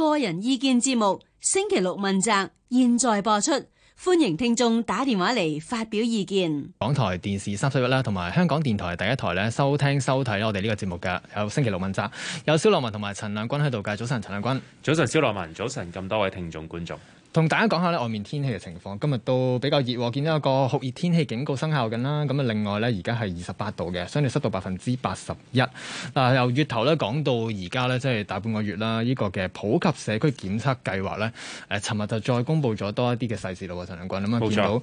個人意見節目星期六問責現在播出，歡迎聽眾打電話嚟發表意見。港台電視三十一啦，同埋香港電台第一台咧，收聽收睇我哋呢個節目嘅，有星期六問責，有肖樂文同埋陳亮君喺度嘅。早晨陳亮君，早晨肖樂文，早晨咁多位聽眾觀眾。同大家講下咧外面天氣嘅情況，今日都比較熱喎，見到一個酷熱天氣警告生效緊啦。咁啊，另外呢，而家係二十八度嘅，相對濕度百分之八十一。嗱、呃，由月頭呢講到而家呢，即係大半個月啦。呢、這個嘅普及社區檢測計劃呢，誒、呃，尋日就再公布咗多一啲嘅細事路。陳良君，咁啊，見到誒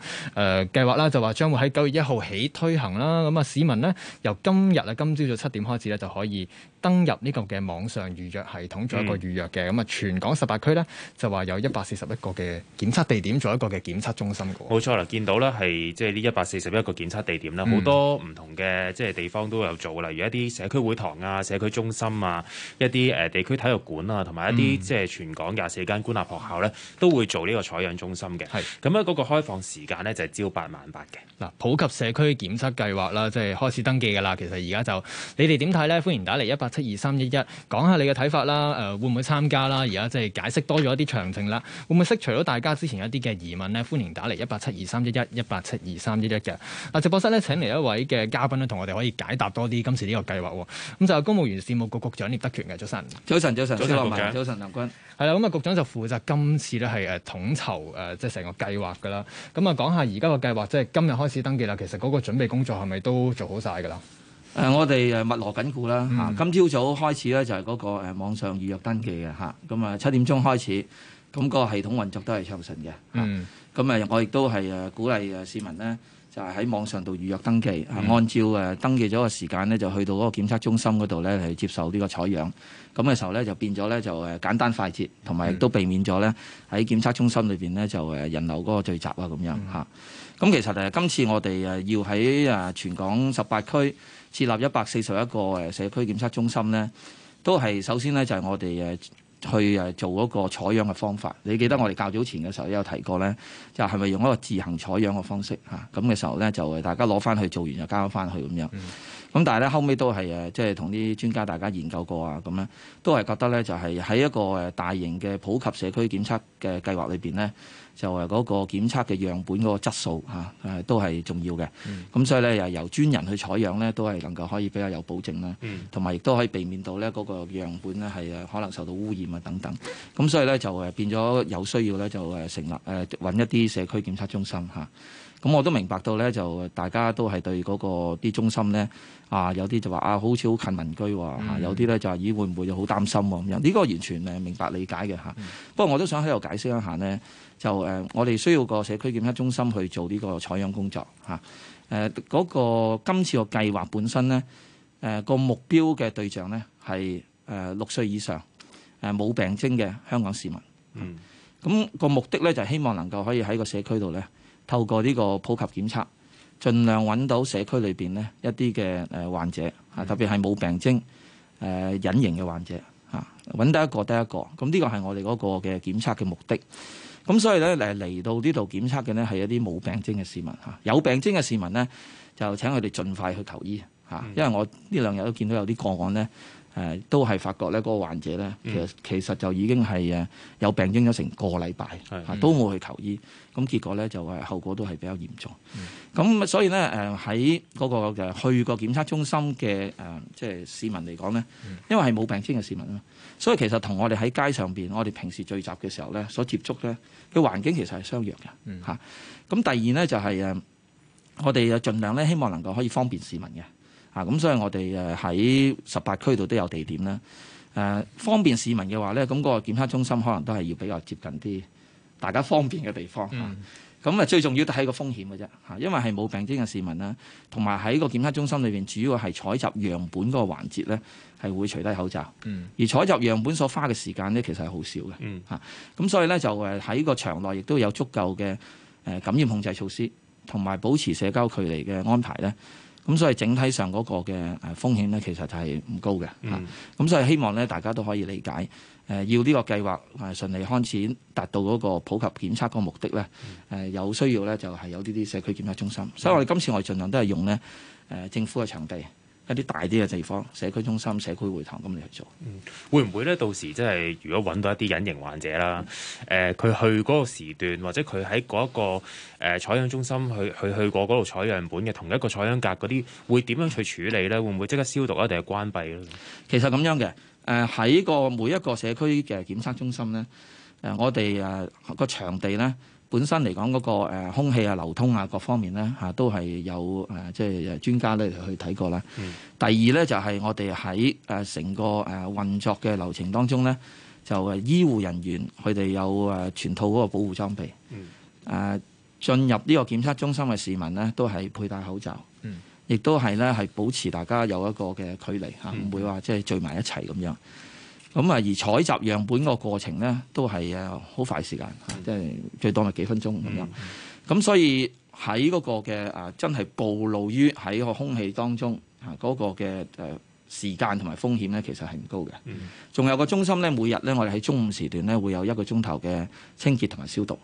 計劃啦，呃、就話將會喺九月一號起推行啦。咁啊，市民呢，由今日啊，今朝早七點開始呢，就可以登入呢個嘅網上預約系統做一個預約嘅。咁啊、嗯，全港十八區呢，就話有一百四十一個。嘅檢測地點做一個嘅檢測中心嘅，冇錯啦，見到啦，係即係呢一百四十一個檢測地點啦，好、嗯、多唔同嘅即係地方都有做。例如一啲社區會堂啊、社區中心啊、一啲誒、呃、地區體育館啊，同埋一啲即係全港廿四間官立學校咧，都會做呢個採樣中心嘅。係咁咧，嗰個開放時間呢，就係、是、朝八晚八嘅。嗱，普及社區檢測計劃啦，即、就、係、是、開始登記嘅啦。其實而家就你哋點睇呢？歡迎打嚟一八七二三一一，講下你嘅睇法啦。誒、呃，會唔會參加啦？而家即係解釋多咗一啲詳情啦，會唔會識？除咗大家之前一啲嘅疑問咧，歡迎打嚟一八七二三一一一八七二三一一嘅。嗱，直播室咧請嚟一位嘅嘉賓咧，同我哋可以解答多啲今次呢個計劃。咁就係公務員事務局局、局長聶德權嘅。早晨，早晨，早晨，早晨，早晨，早晨，林君。係啦，咁啊，局長就負責今次咧係誒統籌誒即係成個計劃噶啦。咁啊，講下而家個計劃，計劃即係今日開始登記啦。其實嗰個準備工作係咪都做好晒㗎啦？誒、呃，我哋誒密鑼緊鼓啦。嚇、嗯，今朝早開始咧就係嗰個誒網上預約登記嘅嚇。咁啊、嗯，七點鐘開始。咁個系統運作都係暢順嘅，嚇、嗯！咁啊，我亦都係誒鼓勵誒市民呢，就係、是、喺網上度預約登記，嚇、嗯，按照誒登記咗個時間呢，就去到嗰個檢測中心嗰度呢，嚟接受呢個採樣。咁嘅時候呢，就變咗呢，就誒簡單快捷，同埋亦都避免咗呢，喺檢測中心裏邊呢，就誒人流嗰個聚集啊咁樣嚇。咁其實誒今次我哋誒要喺誒全港十八區設立一百四十一個誒社區檢測中心呢，都係首先呢，就係、是、我哋誒。去誒做一個採樣嘅方法，你記得我哋較早前嘅時候有提過呢，就係、是、咪用一個自行採樣嘅方式嚇？咁、啊、嘅時候呢，就大家攞翻去做完就交翻去咁樣。咁、嗯、但係呢，後尾都係誒，即係同啲專家大家研究過啊，咁呢，都係覺得呢，就係、是、喺一個誒大型嘅普及社區檢測嘅計劃裏邊呢。就係嗰個檢測嘅樣本嗰個質素嚇，誒、啊、都係重要嘅。咁、嗯、所以咧，又由專人去採樣咧，都係能夠可以比較有保證啦。同埋亦都可以避免到咧嗰個樣本咧係可能受到污染啊等等。咁所以咧就誒變咗有需要咧就誒成立誒揾一啲社區檢測中心嚇。咁、啊、我都明白到咧，就大家都係對嗰、嗰個啲中心咧啊，有啲就話啊好似好近民居喎、啊、有啲咧就話咦會唔會好擔心喎咁樣？呢、啊呢個完全誒明白理解嘅嚇、啊。不過我都想喺度解釋一下呢。啊就誒、呃，我哋需要個社區檢測中心去做呢個採樣工作嚇。誒、啊，嗰、呃那個今次個計劃本身呢，誒、呃、個目標嘅對象呢係誒、呃、六歲以上誒冇、呃、病徵嘅香港市民。咁、嗯嗯那個目的呢，就係、是、希望能夠可以喺個社區度呢，透過呢個普及檢測，盡量揾到社區裏邊呢一啲嘅誒患者啊，特別係冇病徵誒、呃、隱形嘅患者啊，揾得一個得一,一個。咁呢個係我哋嗰個嘅檢測嘅目的。咁所以咧嚟嚟到呢度檢測嘅咧係一啲冇病徵嘅市民嚇，有病徵嘅市民咧就請佢哋盡快去求醫嚇，因為我呢兩日都見到有啲個案咧誒都係發覺咧嗰個患者咧其實其實就已經係誒有病徵咗成個禮拜都冇去求醫，咁結果咧就係後果都係比較嚴重。咁所以咧誒喺嗰個誒去過檢測中心嘅誒即係市民嚟講咧，因為係冇病徵嘅市民啊。所以其實同我哋喺街上邊，我哋平時聚集嘅時候呢，所接觸呢，嘅環境其實係相若嘅㗎。咁、嗯、第二呢，就係誒，我哋又儘量呢，希望能夠可以方便市民嘅㗎。咁、啊、所以我哋誒喺十八區度都有地點啦。誒、啊、方便市民嘅話呢，咁、嗰個檢測中心可能都係要比較接近啲大家方便嘅地方、嗯咁啊，最重要都係個風險嘅啫，嚇，因為係冇病徵嘅市民啦，同埋喺個檢測中心裏邊，主要係採集樣本嗰個環節咧，係會除低口罩，嗯，而採集樣本所花嘅時間咧，其實係好少嘅，嗯，咁、啊、所以咧就誒喺個場內亦都有足夠嘅誒感染控制措施，同埋保持社交距離嘅安排咧，咁所以整體上嗰個嘅誒風險咧，其實就係唔高嘅，嗯、啊，咁所以希望咧大家都可以理解。誒要呢個計劃誒順利開展，達到嗰個普及檢測嗰個目的咧，誒、嗯呃、有需要咧就係有呢啲社區檢測中心。嗯、所以我哋今次我哋盡量都係用咧誒、呃、政府嘅場地，一啲大啲嘅地方、社區中心、社區會堂咁嚟去做。嗯，會唔會咧？到時即、就、係、是、如果揾到一啲隱形患者啦，誒、呃、佢去嗰個時段，或者佢喺嗰一個誒、呃、採樣中心去去去過嗰度採樣本嘅同一個採樣格嗰啲，會點樣去處理咧？會唔會即刻消毒，一定係關閉咧？其實咁樣嘅。誒喺個每一個社區嘅檢測中心咧，誒我哋誒個場地咧，本身嚟講嗰個誒空氣啊流通啊各方面咧嚇，都係有誒即係專家咧去睇過啦。嗯、第二咧就係我哋喺誒成個誒運作嘅流程當中咧，就係醫護人員佢哋有誒全套嗰個保護裝備。誒、嗯、進入呢個檢測中心嘅市民咧都係佩戴口罩。嗯亦都係咧，係保持大家有一個嘅距離吓，唔、嗯、會話即係聚埋一齊咁樣。咁啊，而採集樣本個過程咧，都係誒好快時間，即係最多咪幾分鐘咁樣。咁、嗯、所以喺嗰個嘅誒真係暴露於喺個空氣當中吓嗰、嗯、個嘅誒時間同埋風險咧，其實係唔高嘅。仲、嗯、有個中心咧，每日咧我哋喺中午時段咧會有一個鐘頭嘅清潔同埋消毒。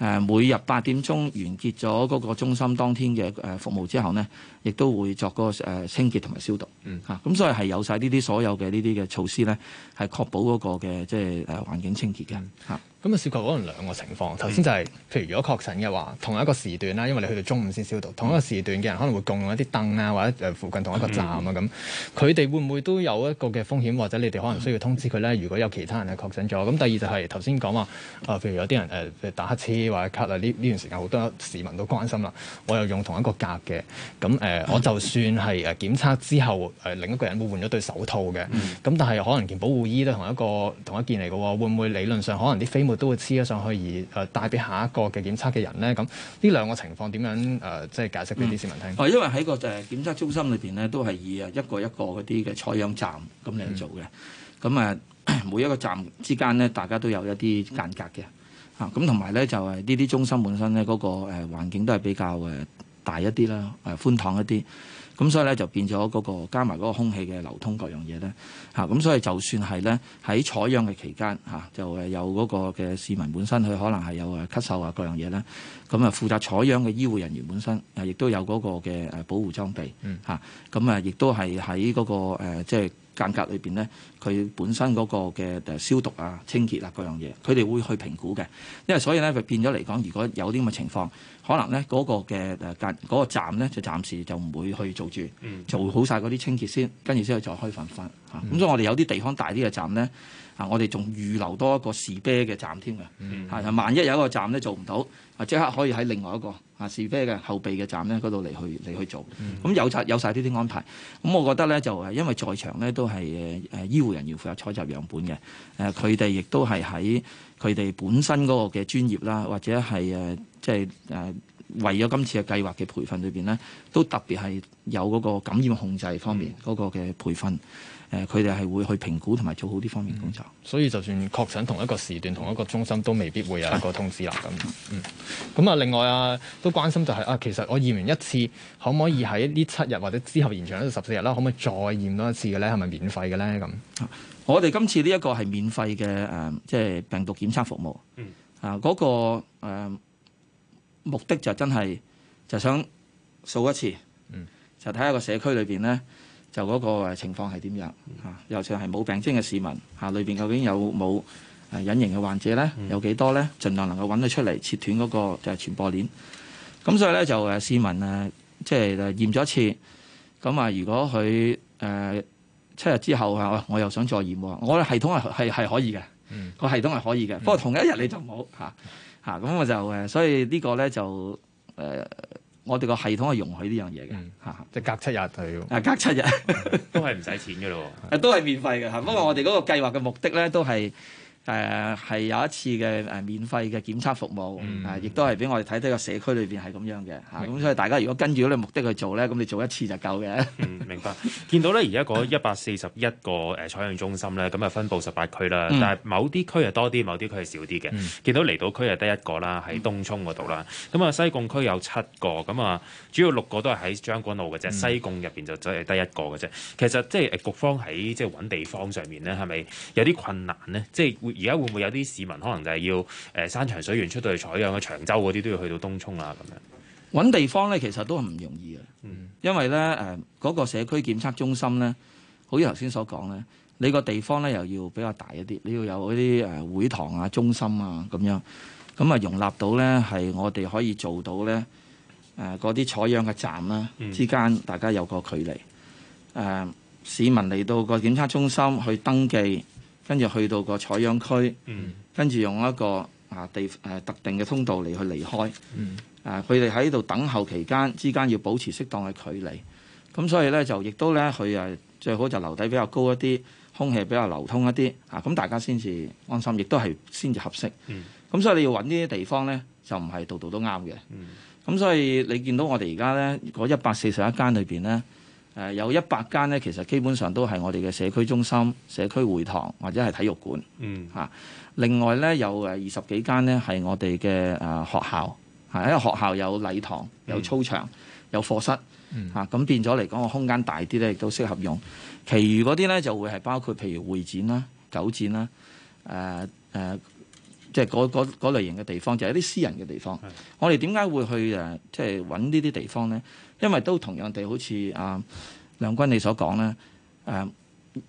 誒每日八點鐘完結咗嗰個中心當天嘅誒服務之後咧，亦都會作個誒清潔同埋消毒嚇。咁、嗯啊、所以係有晒呢啲所有嘅呢啲嘅措施咧，係確保嗰個嘅即係誒環境清潔嘅嚇。啊咁啊，涉及可能兩個情況。頭先就係、是，譬如如果確診嘅話，同一個時段啦，因為你去到中午先消毒，同一個時段嘅人可能會共用一啲凳啊，或者誒、呃、附近同一個站啊咁，佢哋會唔會都有一個嘅風險，或者你哋可能需要通知佢咧？如果有其他人係確診咗，咁第二就係頭先講話，誒、呃、譬如有啲人誒、呃、打乞嗤或者咳啊，呢呢段時間好多市民都關心啦。我又用同一個格嘅，咁誒、呃、我就算係誒檢測之後誒、呃、另一個人會換咗對手套嘅，咁但係可能件保護衣都同一個同一件嚟嘅喎，會唔會理論上可能啲飛都會黐咗上去而誒帶俾下一個嘅檢測嘅人咧，咁呢兩個情況點樣誒？即係解釋俾啲市民聽。哦、嗯，因為喺個誒檢測中心裏邊咧，都係以誒一個一個嗰啲嘅採樣站咁嚟做嘅。咁誒、嗯、每一個站之間咧，大家都有一啲間隔嘅嚇。咁同埋咧就係呢啲中心本身咧，嗰個誒環境都係比較誒大一啲啦，誒寬敞一啲。咁所以咧就變咗嗰個加埋嗰個空氣嘅流通各樣嘢咧嚇，咁所以就算係咧喺採樣嘅期間嚇，就誒有嗰個嘅市民本身佢可能係有誒咳嗽啊各樣嘢咧，咁啊負責採樣嘅醫護人員本身誒亦都有嗰個嘅誒保護裝備嚇，咁啊亦都係喺嗰個、呃、即係。間隔裏邊咧，佢本身嗰個嘅誒消毒啊、清潔啊嗰樣嘢，佢哋會去評估嘅。因為所以咧，就變咗嚟講，如果有啲咁嘅情況，可能咧嗰、那個嘅誒間嗰個站咧，就暫時就唔會去做住，做好晒嗰啲清潔先，跟住先去再開返翻嚇。咁、嗯啊、所以我哋有啲地方大啲嘅站咧，啊，我哋仲預留多一個士啤嘅站添嘅，嚇、啊！萬一有一個站咧做唔到，啊，即刻可以喺另外一個。是非嘅後備嘅站咧，嗰度嚟去嚟去做，咁有晒有晒呢啲安排，咁我覺得咧就係因為在場咧都係誒誒醫護人員負責採集樣本嘅，誒佢哋亦都係喺佢哋本身嗰個嘅專業啦，或者係誒即係誒為咗今次嘅計劃嘅培訓裏邊咧，都特別係有嗰個感染控制方面嗰個嘅培訓。誒，佢哋係會去評估同埋做好啲方面工作、嗯，所以就算確診同一個時段、同一個中心，都未必會有一個通知啦。咁，嗯，咁啊、嗯，另外啊，都關心就係、係、啊，其實我驗完一次，可唔可以喺呢七日或者之後延長到十四日啦？可唔可以再驗多一次嘅咧？係咪免費嘅咧？咁，我哋今次呢一個係免費嘅誒，即、呃、係、就係、病毒檢測服務。嗯，啊，嗰、嗰個、呃、目的就真係就係、想掃一次，嗯，就睇下個社區裏邊咧。就嗰個情況係點樣嚇？尤其是係冇病徵嘅市民嚇，裏、啊、邊究竟有冇隱形嘅患者咧？嗯、有幾多咧？儘量能夠揾佢出嚟，切斷嗰個誒傳播鏈。咁所以咧就誒市民啊，即係驗咗一次。咁啊，如果佢誒、呃、七日之後啊，我又想再驗喎。我嘅系統係係可以嘅，個、嗯、系統係可以嘅。不過同一日你就冇嚇嚇，咁、啊啊、我就誒，所以個呢個咧就誒。啊我哋個系統係容許呢樣嘢嘅，嚇、嗯，即係的隔七日去，啊，隔七日 都係唔使錢嘅咯，啊的，都係免費嘅嚇。的不過我哋嗰個計劃嘅目的咧，都係。誒係、呃、有一次嘅誒、呃、免費嘅檢測服務，亦都係俾我哋睇到個社區裏邊係咁樣嘅嚇，咁白、啊、所以大家如果跟住你目的去做咧，咁你做一次就夠嘅、嗯。明白。見到咧，而家嗰一百四十一個誒採樣中心咧，咁啊、 呃、分佈十八區啦，但係某啲區係多啲，某啲區係少啲嘅。嗯、見到離島區係得一個啦，喺東涌嗰度啦。咁啊、嗯、西貢區有七個，咁啊主要六個都係喺將軍澳嘅啫，嗯、西貢入邊就真係得一個嘅啫。其實即係局方喺即係揾地方上面咧，係咪有啲困難呢？即、就、係、是、會。而家會唔會有啲市民可能就係要誒山長水遠出到去採樣啊？長洲嗰啲都要去到東涌啊？咁樣揾地方咧，其實都係唔容易啊！嗯，因為咧誒嗰個社區檢測中心咧，好似頭先所講咧，你個地方咧又要比較大一啲，你要有嗰啲誒會堂啊、中心啊咁樣，咁啊容納到咧係我哋可以做到咧誒嗰啲採樣嘅站啦，之間，大家有個距離誒、嗯、市民嚟到個檢測中心去登記。跟住去到個採樣區，跟住用一個啊地誒、啊、特定嘅通道嚟去離開。啊，佢哋喺度等候期間之間要保持適當嘅距離。咁所以咧就亦都咧佢誒最好就樓底比較高一啲，空氣比較流通一啲嚇。咁、啊、大家先至安心，亦都係先至合適。咁、嗯、所以你要搵呢啲地方咧，就唔係度度都啱嘅。咁、嗯、所以你見到我哋而家咧，嗰一百四十一間裏邊咧。誒有一百間咧，其實基本上都係我哋嘅社區中心、社區會堂或者係體育館。嗯。嚇、啊，另外咧有誒二十幾間咧係我哋嘅誒學校，係因為學校有禮堂、有操場、有課室。嗯、啊。咁變咗嚟講個空間大啲咧，亦都適合用。其餘嗰啲咧就會係包括譬如會展啦、九展啦、誒、啊、誒，即係嗰類型嘅地方，就係一啲私人嘅地方。我哋點解會去誒即係揾呢啲地方咧？因為都同樣地，好似阿梁君你所講咧，誒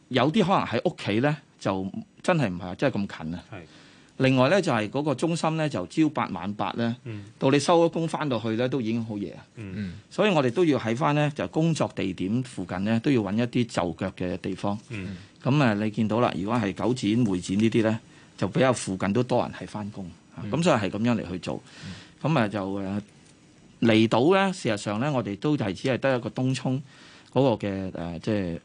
有啲可能喺屋企咧，就真係唔係真係咁近啊。係。另外咧就係嗰個中心咧，就朝八晚八咧，到你收咗工翻到去咧，都已經好夜。嗯嗯。所以我哋都要喺翻咧，就工作地點附近咧，都要揾一啲就腳嘅地方。咁啊，你見到啦，如果係九展、會展呢啲咧，就比較附近都多人係翻工。咁所以係咁樣嚟去做。咁啊就誒。離島咧，事實上咧，我哋都係只係得一個東涌嗰個嘅誒、呃，即係誒、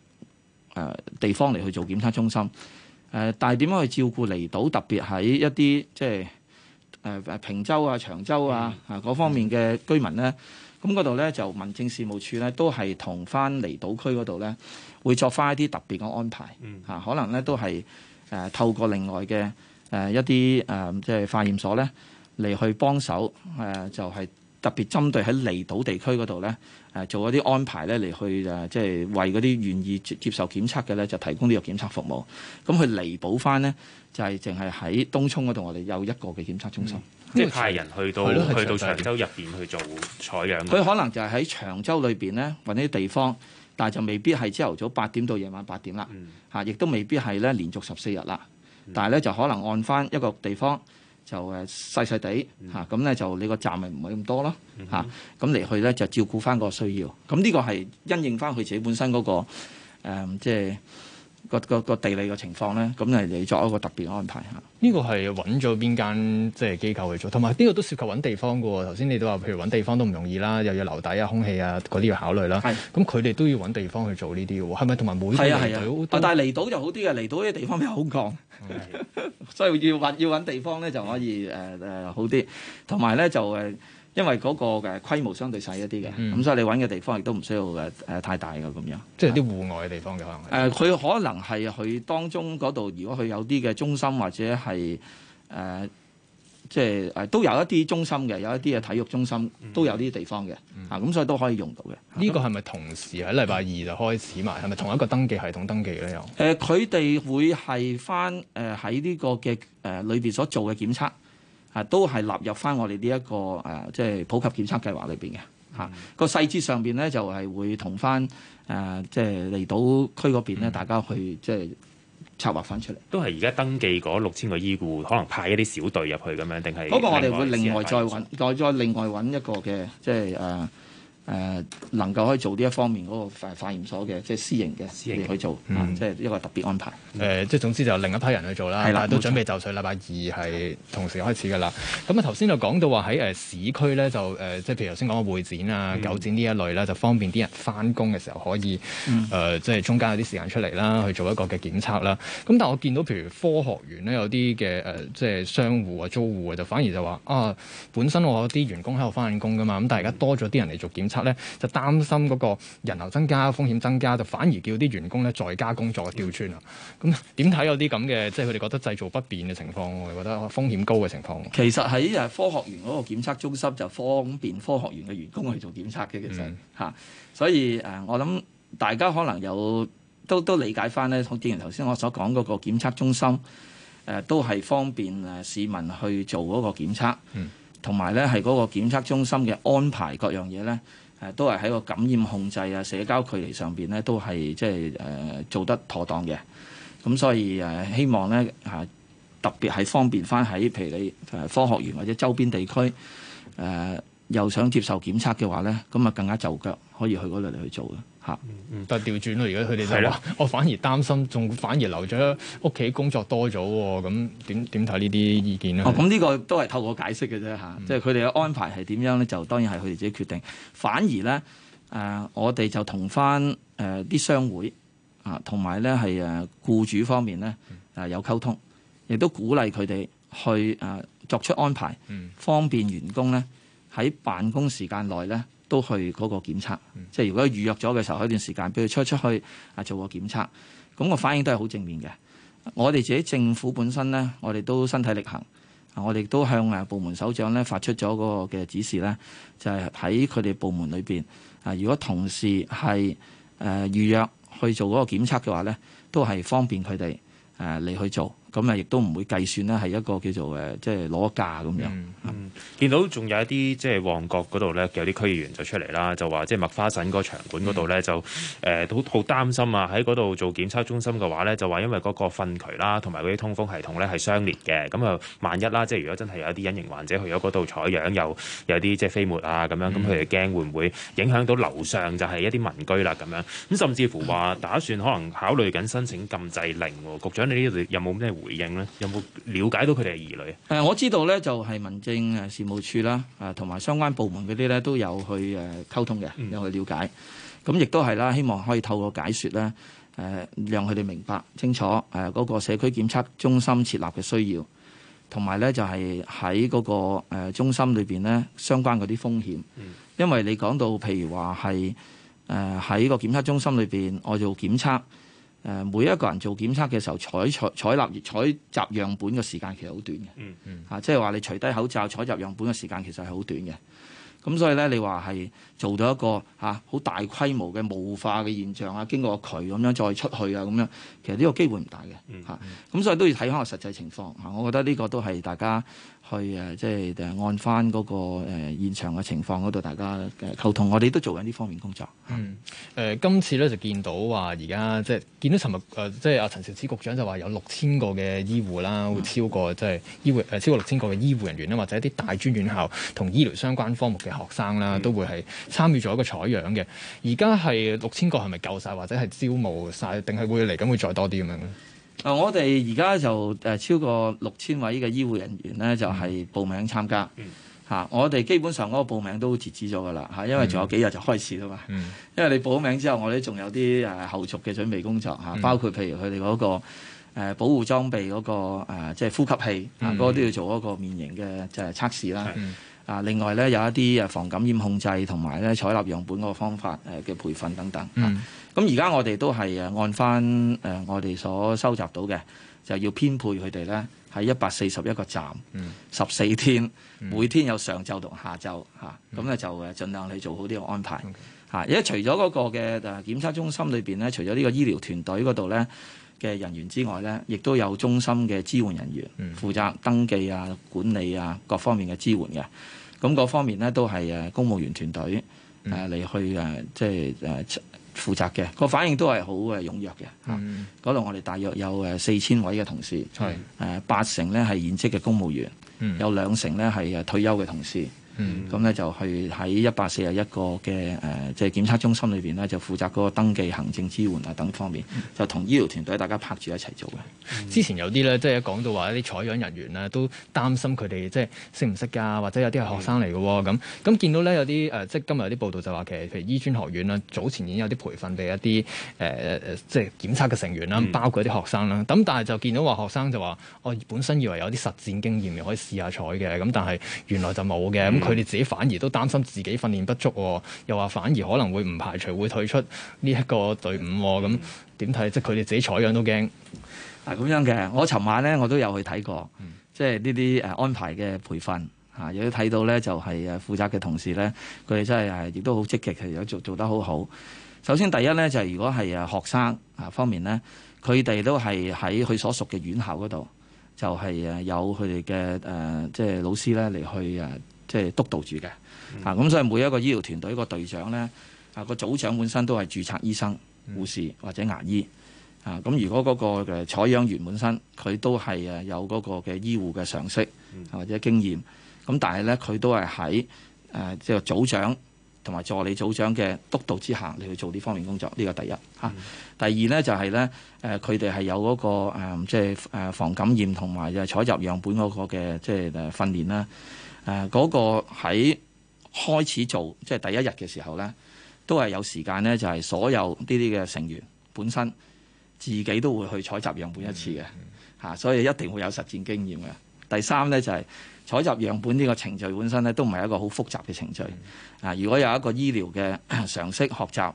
呃、地方嚟去做檢測中心誒、呃。但係點樣去照顧離島，特別喺一啲即係誒誒平洲啊、長洲啊嗰方面嘅居民咧？咁嗰度咧就民政事務處咧都係同翻離島區嗰度咧會作翻一啲特別嘅安排嚇、啊，可能咧都係誒、呃、透過另外嘅誒、呃、一啲誒、呃、即係化驗所咧嚟去幫手誒、呃呃，就係、是。特別針對喺離島地區嗰度咧，誒做一啲安排咧嚟去誒，即係為嗰啲願意接受檢測嘅咧，就提供呢個檢測服務。咁佢彌補翻咧，就係淨係喺東涌嗰度，我哋有一個嘅檢測中心。嗯、即係派人去到度去到長洲入邊去做採樣。佢可能就係喺長洲裏邊咧揾啲地方，但係就未必係朝頭早八點到夜晚八點啦。嚇、嗯，亦都未必係咧連續十四日啦。嗯、但係咧就可能按翻一個地方。就誒細細地嚇，咁咧、嗯啊、就你個站咪唔係咁多咯嚇，咁嚟、嗯啊、去咧就照顧翻個需要，咁呢個係因應翻佢自己本身嗰、嗰個、嗯、即係。個個地理個情況咧，咁嚟嚟作一個特別安排嚇。呢個係揾咗邊間即係機構去做，同埋呢個都涉及揾地方嘅喎。頭先你都話，譬如揾地方都唔容易啦，又要樓底啊、空氣啊嗰啲要考慮啦。係是，咁佢哋都要揾地方去做呢啲喎。係咪？同埋每離島都、啊，但係離島就好啲嘅，離島啲地方比較空曠，是 所以要揾要揾地方咧就可以誒誒、呃呃、好啲，同埋咧就誒。呃因為嗰個嘅規模相對細一啲嘅，咁、嗯、所以你揾嘅地方亦都唔需要嘅誒、呃、太大嘅咁樣，即係啲戶外嘅地方嘅可能。誒、呃，佢可能係佢當中嗰度，如果佢有啲嘅中心或者係誒、呃，即係都有一啲中心嘅，有一啲嘅體育中心、嗯、都有啲地方嘅，咁、嗯啊、所以都可以用到嘅。呢個係咪同時喺禮拜二就開始埋？係咪、嗯、同一個登記系統登記咧？又誒、呃，佢哋會係返誒喺呢個嘅誒裏邊所做嘅檢測。啊，都係納入翻我哋呢一個誒，即係普及檢測計劃裏邊嘅嚇。嗯、個細節上邊咧、呃，就係會同翻誒，即係離島區嗰邊咧，大家去即係、即係、策劃翻出嚟。都係而家登記嗰六千個醫護，可能派一啲小隊入去咁樣，定係嗰個我哋會另外再揾，再再另外揾一個嘅，即係誒。呃誒能夠可以做呢一方面嗰個化驗所嘅，即係私營嘅私營去做、嗯、即係一個特別安排。誒、嗯，即係、呃、總之就另一批人去做啦，的都準備就緒，禮拜二係同時開始㗎啦。咁啊頭先就講到話喺誒市區咧，就誒即係譬如頭先講嘅會展啊、嗯、九展呢一類啦，就方便啲人翻工嘅時候可以誒、嗯呃，即係中間有啲時間出嚟啦，去做一個嘅檢測啦。咁但係我見到譬如科學園咧，有啲嘅誒，即係商戶啊、租戶啊，就反而就話啊，本身我啲員工喺度翻緊工㗎嘛，咁但係而家多咗啲人嚟做檢測。咧就擔心嗰個人流增加，風險增加，就反而叫啲員工咧在家工作調轉。啊！咁點睇有啲咁嘅，即係佢哋覺得製造不便嘅情況，我覺得風險高嘅情況。其實喺啊科學園嗰個檢測中心就方便科學園嘅員工去做檢測嘅，其實嚇。嗯、所以誒，我諗大家可能有都都理解翻咧。好正如頭先我所講嗰個檢測中心誒、呃，都係方便誒市民去做嗰個檢測，同埋咧係嗰個檢測中心嘅安排各樣嘢咧。誒都係喺個感染控制啊、社交距離上邊咧，都係即係誒做得妥當嘅。咁所以誒、呃、希望咧嚇、啊、特別係方便翻喺譬如你科學園或者周邊地區誒、呃、又想接受檢測嘅話咧，咁啊更加就腳。可以去嗰度嚟去做嘅嚇，嗯、但係調轉咯，如果佢哋就話，的我反而擔心，仲反而留咗屋企工作多咗喎，咁點點睇呢啲意見咧？嗯嗯、哦，咁呢個都係透過解釋嘅啫嚇，即係佢哋嘅安排係點樣咧，嗯、就當然係佢哋自己決定。反而咧，誒、呃，我哋就同翻誒啲商會啊，同埋咧係誒僱主方面咧，誒有溝通，亦都鼓勵佢哋去誒、啊、作出安排，方便員工咧、呃、喺辦公時間內咧。都去嗰個檢測，即係如果預約咗嘅時候，有一段時間，譬如出出去啊做個檢測，咁個反應都係好正面嘅。我哋自己政府本身呢，我哋都身體力行，我哋都向誒部門首長呢發出咗嗰個嘅指示呢，就係喺佢哋部門裏邊啊，如果同事係誒預約去做嗰個檢測嘅話呢，都係方便佢哋誒嚟去做。咁誒，亦都唔會計算咧，係一個叫做誒，即係攞價咁樣嗯。嗯，見到仲有一啲即係旺角嗰度咧，有啲區議員就出嚟啦，就話即係麥花臣嗰個場館嗰度咧，就誒都好擔心啊！喺嗰度做檢測中心嘅話咧，就話因為嗰個糞渠啦，同埋嗰啲通風系統咧係相連嘅，咁啊萬一啦，即係如果真係有一啲隱形患者去咗嗰度採樣，又有啲即係飛沫啊咁樣，咁佢哋驚會唔會影響到樓上就係一啲民居啦咁樣。咁甚至乎話打算可能考慮緊申請禁制令喎，局長你呢度有冇咩？回應咧，有冇了解到佢哋嘅疑慮啊？誒，我知道咧，就係民政誒事務處啦，誒同埋相關部門嗰啲咧都有去誒溝通嘅，有去了解。咁亦都係啦，希望可以透過解説咧，誒讓佢哋明白清楚誒嗰個社區檢測中心設立嘅需要，同埋咧就係喺嗰個誒中心裏邊咧相關嗰啲風險。因為你講到譬如話係誒喺個檢測中心裏邊，我做檢測。誒每一個人做檢測嘅時候，採採採納、採集樣本嘅時間其實好短嘅，嚇、嗯，即係話你除低口罩、採集樣本嘅時間其實係好短嘅。咁所以咧，你話係做到一個嚇好、啊、大規模嘅霧化嘅現象啊，經過渠咁樣再出去啊，咁樣其實呢個機會唔大嘅嚇。咁、啊嗯嗯啊、所以都要睇翻個實際情況嚇、啊。我覺得呢個都係大家。去誒、嗯呃，即係誒按翻嗰個誒現場嘅情況嗰度，大家誒溝通。我哋都做緊呢方面工作。嗯，誒今次咧就見到話，而家即係見到尋日誒，即係、啊、阿陳肇始局長就話有六千個嘅醫護啦，會超過即係醫護誒、呃、超過六千個嘅醫護人員啦，或者一啲大專院校同醫療相關科目嘅學生啦，都會係參與咗一個採樣嘅。而家係六千個係咪夠晒？或者係招募晒？定係會嚟緊會再多啲咁樣咧？嗱，我哋而家就誒超過六千位嘅醫護人員咧，就係報名參加嚇。我哋、嗯、基本上嗰個報名都截止咗噶啦嚇，因為仲有幾日就開始啦嘛。嗯、因為你報咗名之後，我哋仲有啲誒後續嘅準備工作嚇，包括譬如佢哋嗰個保護裝備嗰、嗰個即係、即係、呼吸器啊，嗰、嗰個都要做嗰個面型嘅即係測試啦。啊、嗯，另外咧有一啲誒防感染控制同埋咧採納樣本嗰個方法誒嘅培訓等等嚇。嗯嗯。咁而家我哋都係誒按翻誒我哋所收集到嘅，就要編配佢哋咧喺一百四十一個站，十四天，每天有上晝同下晝嚇。咁咧就誒盡量你做好呢個安排嚇。因為 Okay. 除咗嗰個嘅誒檢測中心裏邊咧，除咗呢個醫療團隊嗰度咧嘅人員之外咧，亦都有中心嘅支援人員負責登記啊、管理啊各方面嘅支援嘅。咁各方面咧都係誒公務員團隊誒嚟 Okay.、啊、去誒即係誒。就是呃負責嘅個反應都係好誒踴躍嘅，嗰度、嗯、我哋大約有誒四千位嘅同事，誒、嗯、八成咧係現職嘅公務員，嗯、有兩成咧係誒退休嘅同事。咁咧、嗯、就去喺一百四十一個嘅誒，即、呃、係、就是、檢測中心裏邊咧，就負責嗰個登記、行政支援啊等方面，嗯、就同醫療團隊大家拍住一齊做嘅、嗯。之前有啲咧，即係一講到話一啲採樣人員咧，都擔心佢哋即係識唔識啊，或者有啲係學生嚟嘅喎咁。咁見到咧有啲誒、呃，即係今日有啲報道就話其實譬如醫專學院啦，早前已經有啲培訓俾一啲誒、呃、即係檢測嘅成員啦，包括啲學生啦。咁、嗯、但係就見到話學生就話，我、哦、本身以為有啲實戰經驗，又可以試下採嘅，咁但係原來就冇嘅咁。佢哋自己反而都擔心自己訓練不足，又話反而可能會唔排除會退出呢一個隊伍咁點睇？即係佢哋自己採樣都驚啊，咁樣嘅。我尋晚咧我都有去睇過，即係呢啲誒安排嘅培訓啊，亦都睇到咧就係、是、誒負責嘅同事咧，佢哋真係係亦都好積極，係有做做得好好。首先第一咧就係、是、如果係誒學生啊方面咧，佢哋都係喺佢所屬嘅院校嗰度，就係、是、誒有佢哋嘅誒即係老師咧嚟去誒。啊即係督導住嘅啊，咁、嗯、所以每一個醫療團隊個隊長呢，啊，個組長本身都係註冊醫生、護士或者牙醫啊。咁如果嗰個嘅採樣員本身佢都係誒有嗰個嘅醫護嘅常識或者經驗，咁、啊、但係呢，佢都係喺誒即係組長同埋助理組長嘅督導之下，你去做呢方面工作呢、呢個第一嚇、啊。第二呢，就係、是、呢，誒、啊，佢哋係有嗰、嗰個即係誒防感染同埋就採集樣本嗰、嗰個嘅即係誒訓練啦。啊誒嗰、啊那個喺開始做即係第一日嘅時候呢，都係有時間呢。就係、是、所有呢啲嘅成員本身自己都會去採集樣本一次嘅嚇，所以一定會有實戰經驗嘅。第三呢，就係、是、採集樣本呢個程序本身呢，都唔係一個好複雜嘅程序啊！如果有一個醫療嘅常識學習。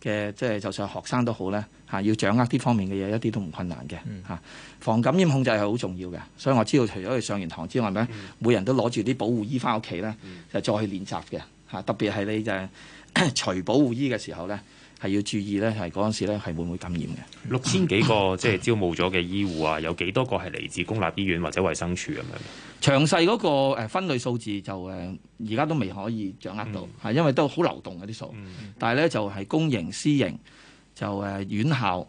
嘅即係，就，係、就算學生都好咧，嚇要掌握啲方面嘅嘢，一啲都唔困難嘅嚇。嗯、防感染控制係好重要嘅，所以我知道除咗去上完堂之外咧，嗯、每人都攞住啲保護衣翻屋企咧，就、嗯、再去練習嘅嚇。特別係你就係 除保護衣嘅時候咧。係要注意咧，係嗰陣時咧，係會唔會感染嘅？六千幾個即係、就是、招募咗嘅醫護啊，有幾多個係嚟自公立醫院或者衞生署咁樣？詳細嗰個分類數字就誒而家都未可以掌握到，係、嗯、因為都好流動嘅啲數。但係咧就係、是、公營私營就誒院校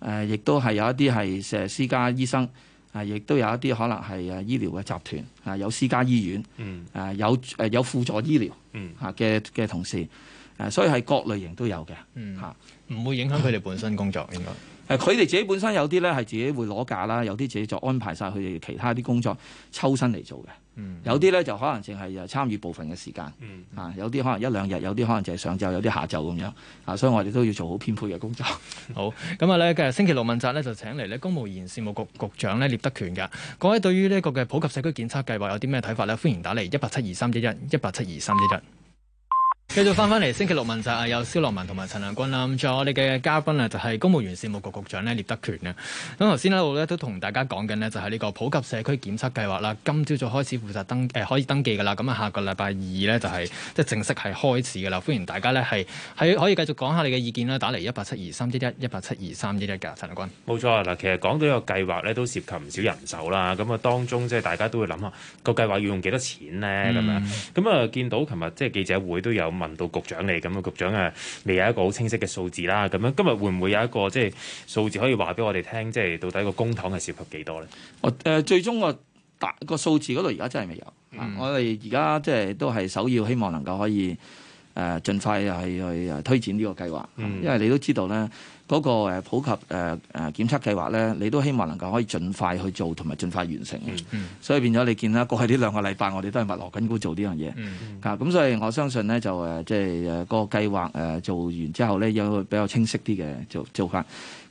誒，亦、呃、都係有一啲係誒私家醫生啊，亦、呃、都有一啲可能係誒醫療嘅集團啊，有私家醫院嗯啊、呃、有誒有輔助醫療嗯啊嘅嘅同事。嗯嗯誒、啊，所以係各類型都有嘅嚇，唔、嗯啊、會影響佢哋本身工作應該。誒、啊，佢哋自己本身有啲咧係自己會攞假啦，有啲自己就安排晒佢哋其他啲工作抽身嚟做嘅。嗯，有啲咧就可能淨係誒參與部分嘅時間。嗯嗯、啊，有啲可能一兩日，有啲可能淨係上晝，有啲下晝咁樣。啊，所以我哋都要做好編配嘅工作。好，咁啊咧，今日星期六問責咧就請嚟咧公務員事務局局，局長咧，聶德權嘅。各位對於呢個嘅普及社區檢測計劃有啲咩睇法咧？歡迎打嚟一八七二三一一一八七二三一一。繼續翻翻嚟，星期六問責啊，有肖樂文同埋陳亮君啦。咁仲有我哋嘅嘉賓啊，就係、是、公務員事務局局,局長咧聶德權啊。咁頭先呢，我咧都同大家講緊呢，就係呢個普及社區檢測計劃啦。今朝早開始負責登誒、呃、可以登記噶啦。咁啊下個禮拜二呢，就係即係正式係開始噶啦。歡迎大家呢，係喺可以繼續講下你嘅意見啦。打嚟一八七二三一一一八七二三一一噶，陳亮君。冇錯啊。嗱，其實講到呢個計劃咧，都涉及唔少人手啦。咁啊當中即係大家都會諗下個計劃要用幾多錢呢？咁樣、嗯。咁啊見到琴日即係記者會都有。問到局長嚟，咁啊，局長啊，未有一個好清晰嘅數字啦。咁樣今日會唔會有一個即係數字可以話俾我哋聽，即係到底個公帑係涉及幾多咧？我誒、呃、最終個大個數字嗰度而家真係未有。嗯啊、我哋而家即係都係首要，希望能夠可以誒、呃，盡快係去誒推展呢個計劃，啊。因為你都知道咧。嗰個普及誒誒、呃、檢測計劃咧，你都希望能夠可以盡快去做同埋盡快完成嘅，mm hmm. 所以變咗你見啦，過去呢兩個禮拜我哋都係密鑼緊鼓做呢樣嘢，啊咁、mm hmm. 嗯、所以我相信咧就誒即係嗰個計劃誒做完之後咧有個比較清晰啲嘅做做法，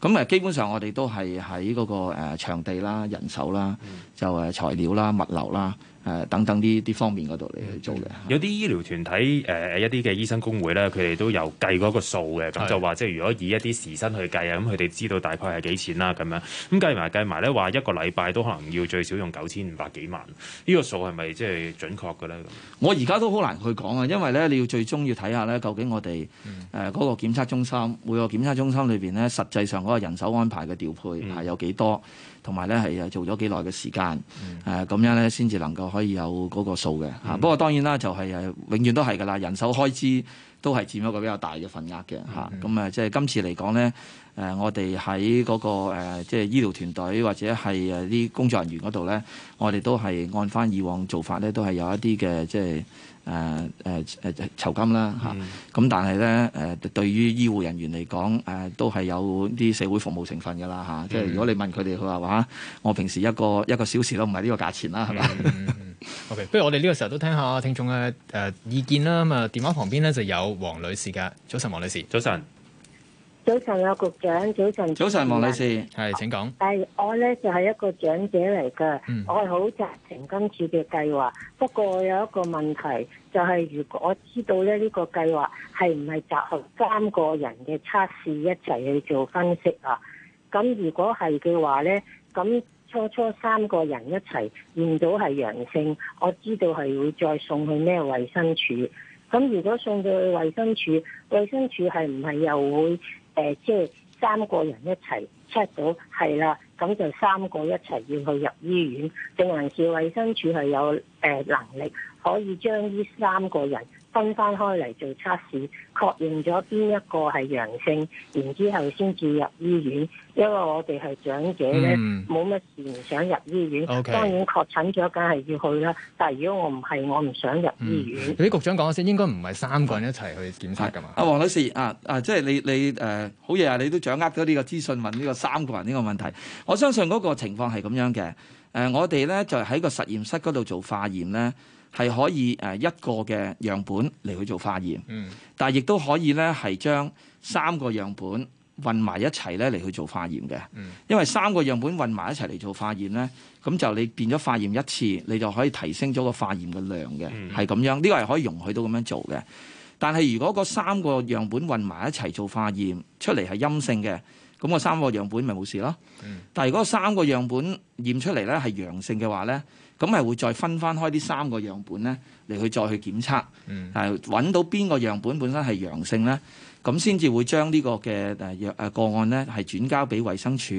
咁、嗯、誒基本上我哋都係喺嗰個誒場地啦、人手啦、就誒材料啦、物流啦。嗯誒等等呢啲方面嗰度嚟去做嘅，有啲醫療團體誒、呃、一啲嘅醫生工會咧，佢哋都有計過一個數嘅，咁就話即係如果以一啲時薪去計啊，咁佢哋知道大概係幾錢啦咁樣，咁計埋計埋咧話一個禮拜都可能要最少用九千五百幾萬，呢、這個數係咪即係準確嘅咧？我而家都好難去講啊，因為咧你要最終要睇下咧，究竟我哋誒嗰個檢測中心每個檢測中心裏邊咧，實際上嗰個人手安排嘅調配係有幾多？嗯嗯同埋咧係又做咗幾耐嘅時間，誒咁、嗯、樣咧先至能夠可以有嗰個數嘅嚇。嗯、不過當然啦，就係、是、誒永遠都係噶啦，人手開支都係佔一個比較大嘅份額嘅嚇。咁誒即係今次嚟講咧，誒、呃、我哋喺嗰個即係、呃就是、醫療團隊或者係誒啲工作人員嗰度咧，我哋都係按返以往做法咧，都係有一啲嘅即係。就是誒誒誒酬金啦嚇，咁、呃呃呃啊、但係咧誒對於醫護人員嚟講誒都係有啲社會服務成分㗎啦嚇，即係如果你問佢哋佢話話，我平時一個一個小時都唔係呢個價錢啦係咪？OK，不如我哋呢個時候都聽下聽眾嘅誒意見啦咁啊，電話旁邊咧就有黃女士㗎，早晨黃女士，早晨。早晨，有局長，早晨，早晨，王女士，係，請講。誒，我咧就係一個長者嚟嘅。嗯，我係好贊成今次嘅計劃。不過有一個問題，就係如果我知道咧，呢個計劃係唔係集合三個人嘅測試一齊去做分析啊？咁如果係嘅話咧，咁初初三個人一齊驗到係陽性，我知道係會再送去咩衛生署，咁如果送到去衛生署，衛生署係唔係又會。誒、呃，即係三個人一齊 check 到係啦，咁，啊、就三個一齊要去入醫院，定還是衞生署係有誒，呃、能力可以將呢三個人分翻開嚟做測試，確認咗邊一個係陽性，然之後先至入醫院。因為我哋係長者咧，冇乜、嗯、事唔想入醫院。Okay. 當然確診咗，梗係要去啦。但係如果我唔係，我唔想入醫院。你啲、嗯、局長講先，應該唔係三個人一齊去檢測㗎嘛？阿黃女士，啊啊，即係你你誒，好嘢啊！你都掌握咗呢個資訊問，問、這、呢個三個人呢個問題。我相信嗰個情況係咁樣嘅。誒、呃，我哋咧就喺個實驗室嗰度做化驗咧。呢係可以誒一個嘅樣本嚟去做化驗，嗯、但係亦都可以咧係將三個樣本混埋一齊咧嚟去做化驗嘅。嗯、因為三個樣本混埋一齊嚟做化驗咧，咁就你變咗化驗一次，你就可以提升咗個化驗嘅量嘅，係咁、嗯、樣。呢個係可以容許到咁樣做嘅。但係如果嗰三個樣本混埋一齊做化驗出嚟係陰性嘅，咁嗰三個樣本咪冇事咯。嗯、但係如果三個樣本驗出嚟咧係陽性嘅話咧，咁係會再分翻開呢三個樣本咧，嚟去再去檢測，嗯、係揾到邊個樣本本身係陽性咧，咁先至會將呢個嘅誒藥誒個案咧係轉交俾衛生署。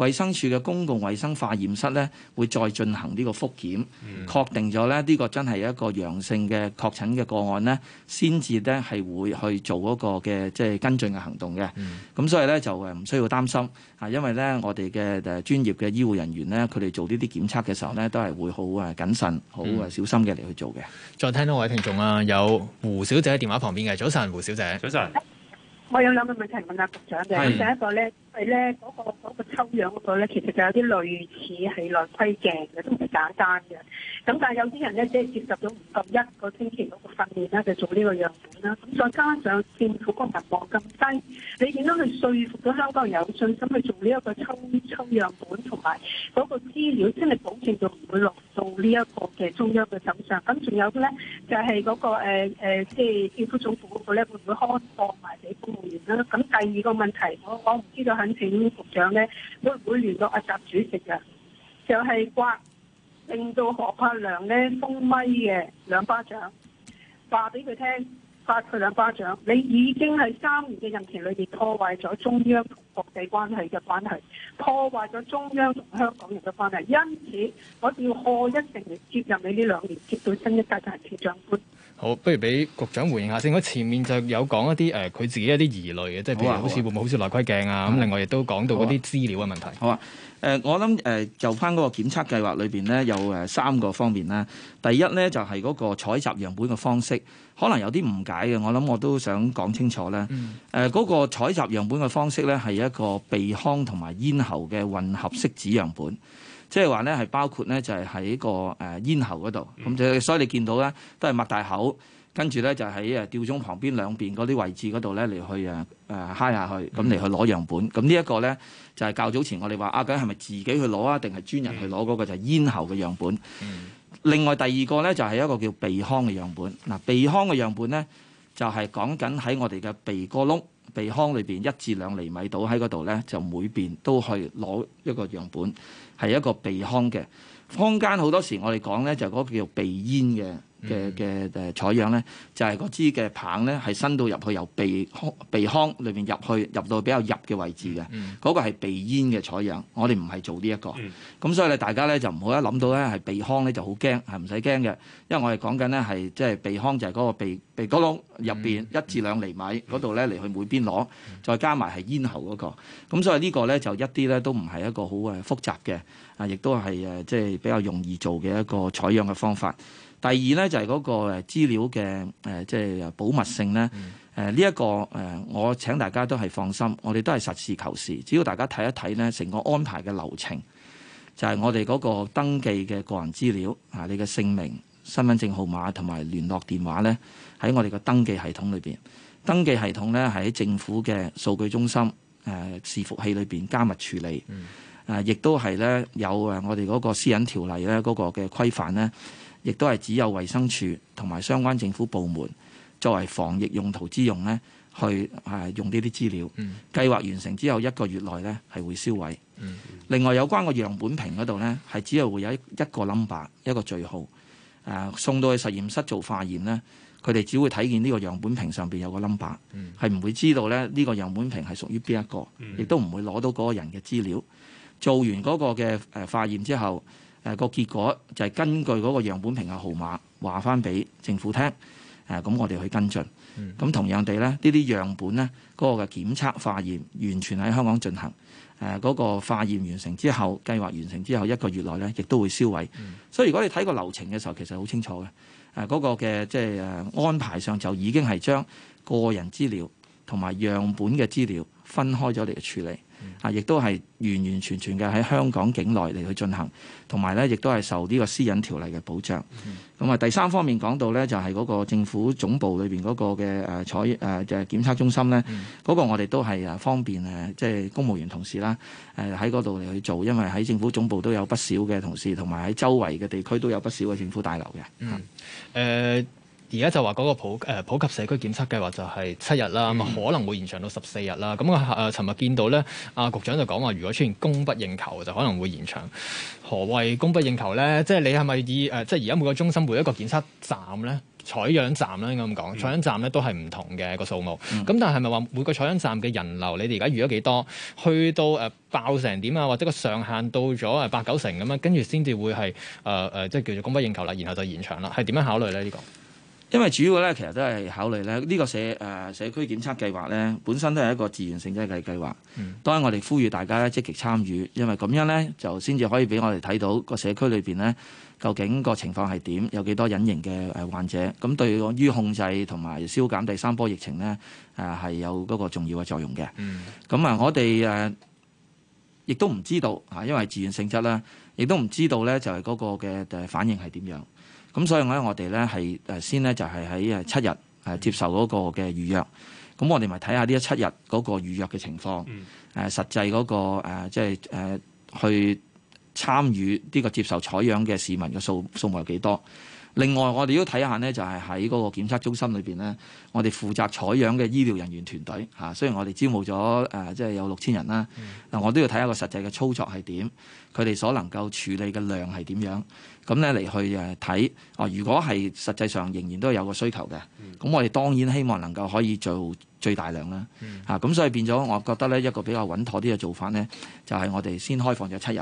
衛生署嘅公共衞生化驗室呢，會再進行呢個覆檢，確定咗呢呢個真係一個陽性嘅確診嘅個案呢，先至呢係會去做嗰個嘅即係跟進嘅行動嘅。咁、嗯、所以呢，就誒唔需要擔心，啊，因為呢，我哋嘅誒專業嘅醫護人員呢，佢哋做呢啲檢測嘅時候呢，都係會好誒謹慎、好誒小心嘅嚟去做嘅、嗯。再聽到位聽眾啊，有胡小姐喺電話旁邊嘅，早晨，胡小姐，早晨。我有兩個問題問下局長嘅，第一個咧係咧嗰個抽樣嗰個咧，其實就有啲類似係內窺鏡嘅，都唔簡單嘅。咁但係有啲人咧即係接受咗唔夠一個星期嗰個訓練啦，就做呢個樣本啦。咁再加上政府個民望咁低，你點樣去説服到香港人有信心去做呢一個抽抽樣本同埋嗰個資料，真係保證到唔會落？到呢一個嘅中央嘅首相，咁仲有咧就係、是、嗰、那個誒即係政府總部嗰個咧會唔會開放埋俾公務員咧？咁第二個問題，我我唔知道肯，肯請局長咧會唔會聯絡阿習主席啊？就係、是、話令到何柏良咧封咪嘅兩巴掌話俾佢聽。佢兩巴掌，你已經喺三年嘅任期裏邊破壞咗中央同國際關係嘅關係，破壞咗中央同香港人嘅關係，因此我哋要賀一誠嚟接任你呢兩年，接到新一屆特首長官。好，不如俾局長回應下先。我前面就有講一啲誒佢自己一啲疑慮嘅，即係譬如好似會唔會好似內窺鏡啊咁，啊另外亦都講到嗰啲資料嘅問題。好啊，誒我諗誒、呃、就返嗰個檢測計劃裏邊咧，有誒三個方面啦。第一咧就係、是、嗰個採集樣本嘅方式，可能有啲誤解嘅，我諗我都想講清楚咧。誒嗰、嗯呃那個採集樣本嘅方式咧係一個鼻腔同埋咽喉嘅混合拭子樣本。即係話咧，係包括咧，就係喺個誒咽喉嗰度，咁就、嗯、所以你見到咧，都係擘大口，跟住咧就喺誒吊鐘旁邊兩邊嗰啲位置嗰度咧嚟去誒誒揩下去，咁、呃、嚟、嗯啊、去攞樣本。咁呢一個咧就係、是、較早前我哋話啊，咁係咪自己去攞啊，定係專人去攞嗰、嗯、個就係咽喉嘅樣本？嗯、另外第二個咧就係、是、一個叫鼻腔嘅樣本。嗱，鼻腔嘅樣本咧。就係講緊喺我哋嘅鼻哥窿、鼻腔裏邊一至兩厘米度，喺嗰度呢，就每邊都去攞一個樣本，係一個鼻腔嘅。坊間好多時我哋講呢，就嗰個叫做鼻咽嘅。嘅嘅誒採樣咧，就係、是、個支嘅棒咧，係伸到入去由鼻腔鼻腔裏邊入去，入到比較入嘅位置嘅。嗰 個係鼻咽嘅採樣，我哋唔係做呢、這、一個。咁 所以咧，大家咧就唔好一諗到咧係鼻腔咧就好驚，係唔使驚嘅，因為我哋講緊咧係即係鼻腔就係嗰個鼻鼻哥窿入邊一至兩厘米嗰度咧嚟去每邊攞，再加埋係咽喉嗰、那個。咁所以個呢個咧就一啲咧都唔係一個好誒複雜嘅啊，亦都係誒即係比較容易做嘅一個採樣嘅方法。第二呢，就係、是、嗰個誒資料嘅誒、呃，即係保密性呢。誒呢一個誒、呃，我請大家都係放心，我哋都係實事求是。只要大家睇一睇呢，成個安排嘅流程，就係、是、我哋嗰個登記嘅個人資料啊，你嘅姓名、身份證號碼同埋聯絡電話呢，喺我哋個登記系統裏邊。登記系統呢，喺政府嘅數據中心誒呃、伺服器裏邊加密處理。誒、嗯啊，亦都係呢，有誒我哋嗰個私隱條例呢，嗰個嘅規範呢。亦都係只有衞生署同埋相關政府部門作為防疫用途之用咧，去誒、啊、用呢啲資料。計劃完成之後一個月內咧係會銷毀。嗯嗯、另外有關個樣本瓶嗰度咧，係只係會有一個 number 一個序號。誒、呃、送到去實驗室做化驗咧，佢哋只會睇見呢個樣本瓶上邊有個 number，係唔會知道咧呢個樣本瓶係屬於邊一個，亦都唔會攞到嗰個人嘅資料。做完嗰個嘅誒化驗之後。誒個結果就係根據嗰個樣本瓶嘅號碼話翻俾政府聽，誒、啊、咁我哋去跟進。咁同樣地咧，呢啲樣本咧嗰、那個嘅檢測化驗完全喺香港進行。誒、啊、嗰、那個化驗完成之後，計劃完成之後一個月內咧，亦都會銷毀。嗯、所以如果你睇個流程嘅時候，其實好清楚嘅。誒、啊、嗰、那個嘅即係誒安排上就已經係將個人資料同埋樣本嘅資料分開咗嚟嘅處理。啊！亦都係完完全全嘅喺香港境內嚟去進行，同埋呢亦都係受呢個私隱條例嘅保障。咁啊、嗯，第三方面講到呢，就係嗰個政府總部裏邊嗰個嘅誒採誒嘅檢測中心呢，嗰、嗯、個我哋都係誒方便誒，即係公務員同事啦，誒喺嗰度嚟去做，因為喺政府總部都有不少嘅同事，同埋喺周圍嘅地區都有不少嘅政府大樓嘅。嗯。誒、呃。而家就話嗰個普誒普及社區檢測計劃就係七日啦，咁、嗯、可能會延長到十四日啦。咁我誒，尋日見到咧，阿、啊、局長就講話，如果出現供不應求，就可能會延長。何謂供不應求咧？即係你係咪以誒、呃，即係而家每個中心每一個檢測站咧、採樣站咧，咁講採樣站咧都係唔同嘅、嗰個數目。咁、嗯、但係咪話每個採樣站嘅人流你哋而家預咗幾多？去到誒、呃、爆成點啊，或者個上限到咗誒八九成咁樣，跟住先至會係誒誒，即係叫做供不應求啦，然後就延長啦。係點樣考慮咧？呢個？因為主要咧，其實都係考慮咧，呢個社誒、呃、社區檢測計劃咧，本身都係一個自願性質嘅計劃。嗯、當然，我哋呼籲大家咧積極參與，因為咁樣咧就先至可以俾我哋睇到個社區裏邊咧究竟個情況係點，有幾多隱形嘅誒患者。咁對於控制同埋消減第三波疫情咧，誒、呃、係有嗰個重要嘅作用嘅。咁啊、嗯，我哋誒亦都唔知道嚇，因為自願性質啦，亦都唔知道咧就係嗰個嘅誒反應係點樣。咁所以咧，我哋咧係誒先咧，就係喺誒七日誒接受嗰個嘅預約。咁我哋咪睇下呢一七日嗰個預約嘅情況。誒、呃、實際嗰、那個即係誒去參與呢個接受採樣嘅市民嘅數數目有幾多？另外，我哋都要睇下呢，就係喺嗰個檢測中心裏邊咧，我哋負責採樣嘅醫療人員團隊嚇、啊。雖然我哋招募咗誒即係有六千人啦，嗱、嗯、我都要睇下個實際嘅操作係點，佢哋所能夠處理嘅量係點樣。咁咧嚟去誒睇，哦，如果係實際上仍然都有個需求嘅，咁、嗯、我哋當然希望能夠可以做最大量啦。嚇、嗯，咁、啊、所以變咗，我覺得咧一個比較穩妥啲嘅做法咧，就係、是、我哋先開放咗七日。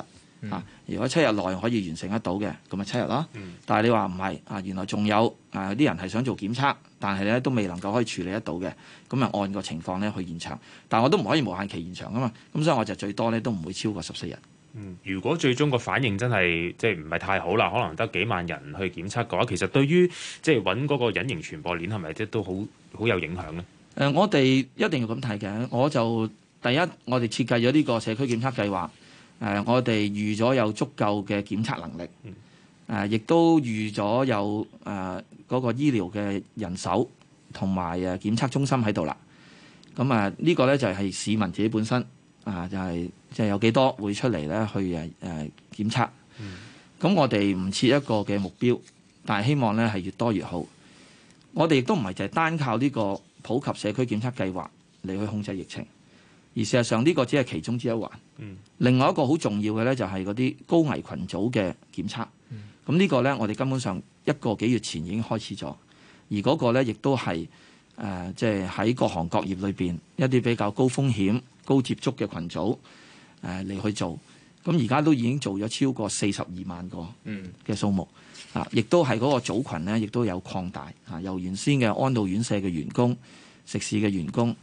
嚇、啊，如果七日內可以完成得到嘅，咁就七日啦。但係你話唔係啊，原來仲有誒啲、啊、人係想做檢測，但係咧都未能夠可以處理得到嘅，咁啊按個情況咧去現場，但係我都唔可以無限期延長啊嘛。咁所以我就最多咧都唔會超過十四日。如果最終個反應真係即係唔係太好啦，可能得幾萬人去檢測嘅話，其實對於即係揾嗰個隱形傳播鏈係咪即都好好有影響呢？誒、呃，我哋一定要咁睇嘅。我就第一，我哋設計咗呢個社區檢測計劃。誒、呃，我哋預咗有足夠嘅檢測能力。誒、呃，亦都預咗有誒嗰、呃那個醫療嘅人手同埋誒檢測中心喺度啦。咁、呃、啊，呢、這個呢，就係、是、市民自己本身。啊，就係即係有幾多會出嚟咧？去誒誒、呃、檢測。咁、嗯、我哋唔設一個嘅目標，但係希望咧係越多越好。我哋亦都唔係就係單靠呢個普及社區檢測計劃嚟去控制疫情，而事實上呢個只係其中之一環。嗯、另外一個好重要嘅咧，就係嗰啲高危群組嘅檢測。咁呢個咧，我哋根本上一個幾月前已經開始咗，而嗰個咧亦都係誒即係喺各行各業裏邊一啲比較高風險，高接觸嘅群組，誒、呃、嚟去做咁，而家都已經做咗超過四十二萬個嘅數目啊！亦都係嗰個組群咧，亦都有擴大啊。由原先嘅安老院舍嘅員工、食肆嘅員工，誒、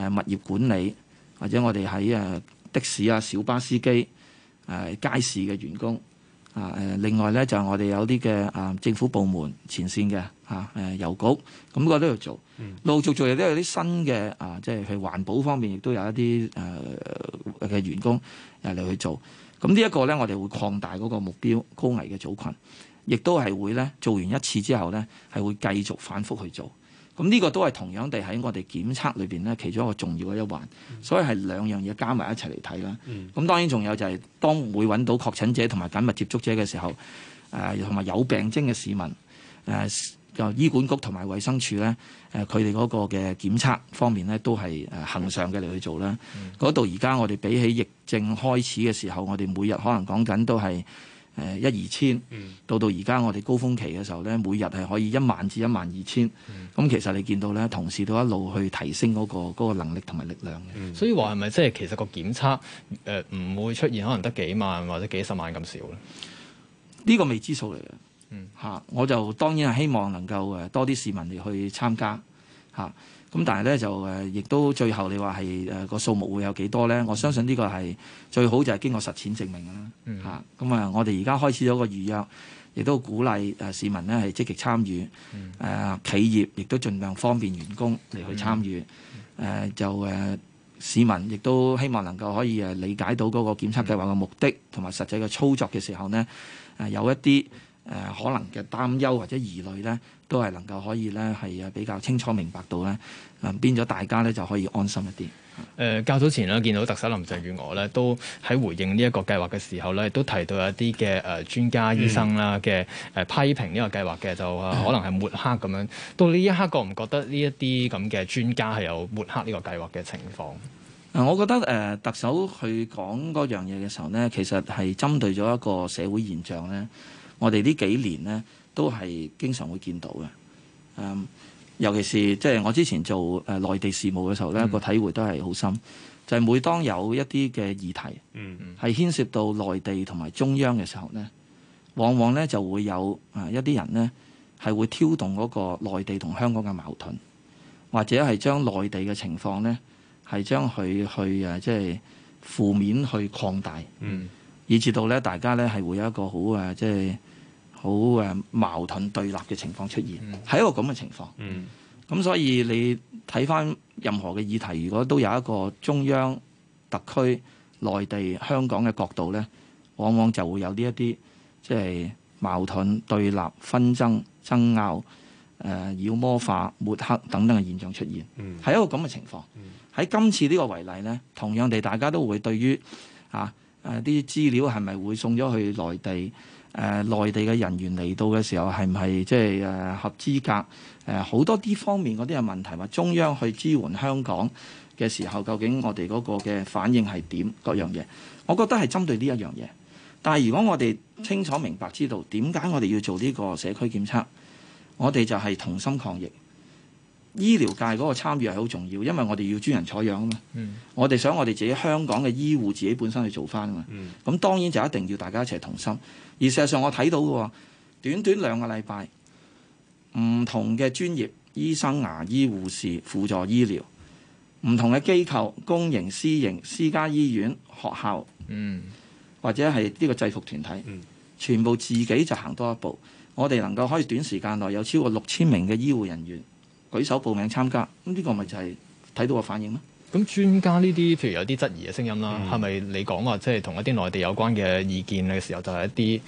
啊、物業管理或者我哋喺誒的士啊、小巴司機、誒、啊、街市嘅員工啊。誒另外咧就係、我哋有啲嘅啊，政府部門前線嘅。嚇誒郵局咁嗰啲要做，陸續做嘢都有啲新嘅啊，即、就、係、是、去環保方面亦都有一啲誒嘅員工入嚟去做。咁、嗯嗯、呢一個咧，我哋會擴大嗰個目標高危嘅組群，亦都係會咧做完一次之後咧，係會繼續反覆去做。咁、嗯、呢、嗯、個都係同樣地喺我哋檢測裏邊咧，其中一個重要嘅一環。嗯、所以係兩樣嘢加埋一齊嚟睇啦。咁、嗯嗯、當然仲有就係當會揾到確診者同埋緊密接觸者嘅時候，誒同埋有病徵嘅市民誒。就醫管局同埋衛生署咧，誒佢哋嗰個嘅檢測方面咧，都係誒恆常嘅嚟去做啦。嗰度而家我哋比起疫症開始嘅時候，我哋每日可能講緊都係誒一二千，呃 1, 2, 000, 嗯、到到而家我哋高峰期嘅時候咧，每日係可以一萬至一萬二千。咁其實你見到咧，同事都一路去提升嗰、嗰個嗰個能力同埋力量嘅。嗯、所以話係咪即係其實個檢測誒唔會出現可能得幾萬或者幾十萬咁少咧？呢個、嗯、未知數嚟嘅。嗯，嚇，我就當然係希望能夠誒多啲市民嚟去參加嚇，咁但係咧就誒亦都最後你話係誒個數目會有幾多咧？我相信呢個係最好就係經過實踐證明啦。嚇、嗯，咁啊，我哋而家開始咗個預約，亦都鼓勵誒市民咧係積極參與，誒、嗯嗯啊、企業亦都盡量方便員工嚟去參與，誒、嗯嗯嗯啊、就誒、啊、市民亦都希望能夠可以誒理解到嗰個檢測計劃嘅目的同埋實際嘅操作嘅時候咧，誒、呃、有一啲，誒可能嘅擔憂或者疑慮咧，都係能夠可以咧係啊比較清楚明白到咧，咁變咗大家咧就可以安心一啲。誒、呃、較早前咧見到特首林鄭月娥咧都喺回應呢一個計劃嘅時候咧，都提到有一啲嘅誒專家醫生啦嘅誒批評呢個計劃嘅，嗯、就啊可能係抹黑咁樣。嗯、到呢一刻，覺唔覺得呢一啲咁嘅專家係有抹黑呢個計劃嘅情況？啊、呃，我覺得誒、呃、特首去講嗰樣嘢嘅時候咧，其實係針對咗一個社會現象咧。我哋呢幾年呢，都係經常會見到嘅、嗯。尤其是即係我之前做誒、呃、內地事務嘅時候呢個、嗯、體會都係好深。就係、是、每當有一啲嘅議題，嗯嗯，係、嗯、牽涉到內地同埋中央嘅時候呢，往往呢就會有啊一啲人呢係會挑動嗰個內地同香港嘅矛盾，或者係將內地嘅情況呢係將佢去啊即係負面去擴大，嗯嗯、以至到呢大家呢係會有一個好啊即係，好誒矛盾對立嘅情況出現，係、mm. 一個咁嘅情況。咁、mm. 所以你睇翻任何嘅議題，如果都有一個中央、特區、內地、香港嘅角度咧，往往就會有呢一啲即係矛盾對立、紛爭、爭拗、誒、呃、妖魔化、抹黑等等嘅現象出現。係、mm. 一個咁嘅情況。喺、mm. 今次呢個為例咧，同樣地大家都會對於啊誒啲資料係咪會送咗去內地？誒內地嘅人員嚟到嘅時候係唔係即係誒合資格？誒、呃、好多啲方面嗰啲嘅問題，話中央去支援香港嘅時候，究竟我哋嗰個嘅反應係點？各樣嘢，我覺得係針對呢一樣嘢。但係如果我哋清楚明白知道點解我哋要做呢個社區檢測，我哋就係同心抗疫。醫療界嗰個參與係好重要，因為我哋要專人採樣啊嘛。嗯、我哋想我哋自己香港嘅醫護自己本身去做返啊嘛。咁、嗯、當然就一定要大家一齊同心。而事實上我睇到嘅短短兩個禮拜，唔同嘅專業醫生、牙醫、護士、輔助醫療，唔同嘅機構，公營、私營、私家醫院、學校，嗯、或者係呢個制服團體，嗯、全部自己就行多一步。我哋能夠可以短時間內有超過六千名嘅醫護人員。舉手報名參加，咁呢個咪就係睇到個反應咯。咁專家呢啲，譬如有啲質疑嘅聲音啦，係咪、嗯、你講話即係同一啲內地有關嘅意見嘅時候，就係、係、一啲，即、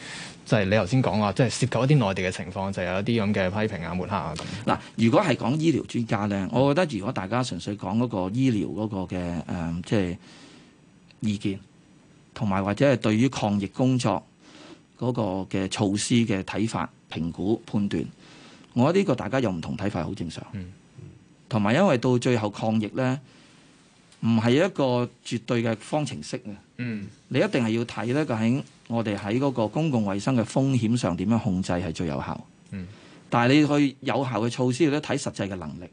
就、係、係、你頭先講話，即、就、係、係、涉及一啲內地嘅情況，就係、有一啲咁嘅批評啊、抹黑啊咁。嗱，如果係講醫療專家咧，我覺得如果大家純粹講嗰個醫療嗰個嘅誒，即、呃、係、就係、意見，同埋或者係對於抗疫工作嗰個嘅措施嘅睇法、評估、判斷。我呢個大家有唔同睇法，好正常。同埋因為到最後抗疫呢，唔係一個絕對嘅方程式啊。嗯、你一定係要睇呢個喺我哋喺嗰個公共衛生嘅風險上點樣控制係最有效。嗯、但係你去有效嘅措施咧，要睇實際嘅能力。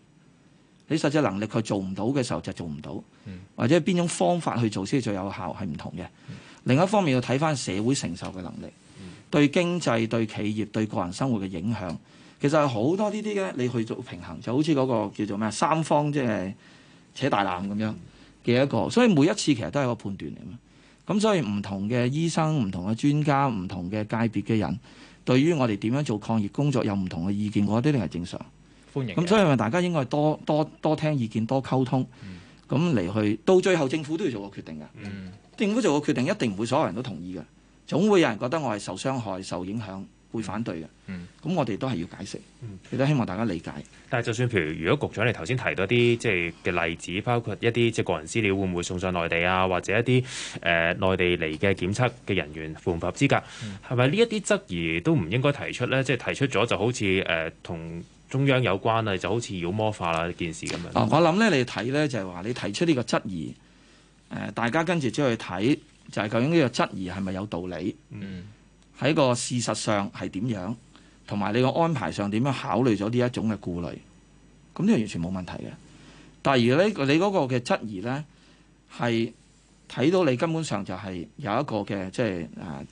你實際能力佢做唔到嘅時候就做唔到，嗯、或者邊種方法去做先最有效係唔同嘅。嗯、另一方面要睇翻社會承受嘅能力，嗯、對經濟、對企業、對個人生活嘅影響。其實好多呢啲嘅，你去做平衡就好似嗰個叫做咩三方即係扯大纜咁樣嘅一個，所以每一次其實都係一個判斷嚟嘛。咁所以唔同嘅醫生、唔同嘅專家、唔同嘅界別嘅人，對於我哋點樣做抗疫工作有唔同嘅意見，我覺得呢啲係正常，歡迎。咁所以大家應該多多多聽意見，多溝通，咁嚟、嗯、去到最後，政府都要做個決定嘅。嗯、政府做個決定一定唔會所有人都同意嘅，總會有人覺得我係受傷害、受影響。會反對嘅，咁、嗯、我哋都係要解釋，亦都、嗯、希望大家理解。但係就算譬如，如果局長你頭先提到啲即係嘅例子，包括一啲即係個人資料會唔會送上內地啊，或者一啲誒、呃、內地嚟嘅檢測嘅人員符唔符合資格，係咪呢一啲質疑都唔應該提出咧？即、就、係、是、提出咗就好似誒同中央有關啦，就好似妖魔化啦件事咁樣。呃、我諗咧，你睇咧就係、是、話你提出呢個質疑，誒、呃、大家跟住出去睇，就係、是、究竟呢個質疑係咪有道理？嗯。嗯喺個事實上係點樣，同埋你個安排上點樣考慮咗呢一種嘅顧慮，咁呢個完全冇問題嘅。但係如果你你嗰個嘅質疑呢，係睇到你根本上就係有一個嘅即係誒，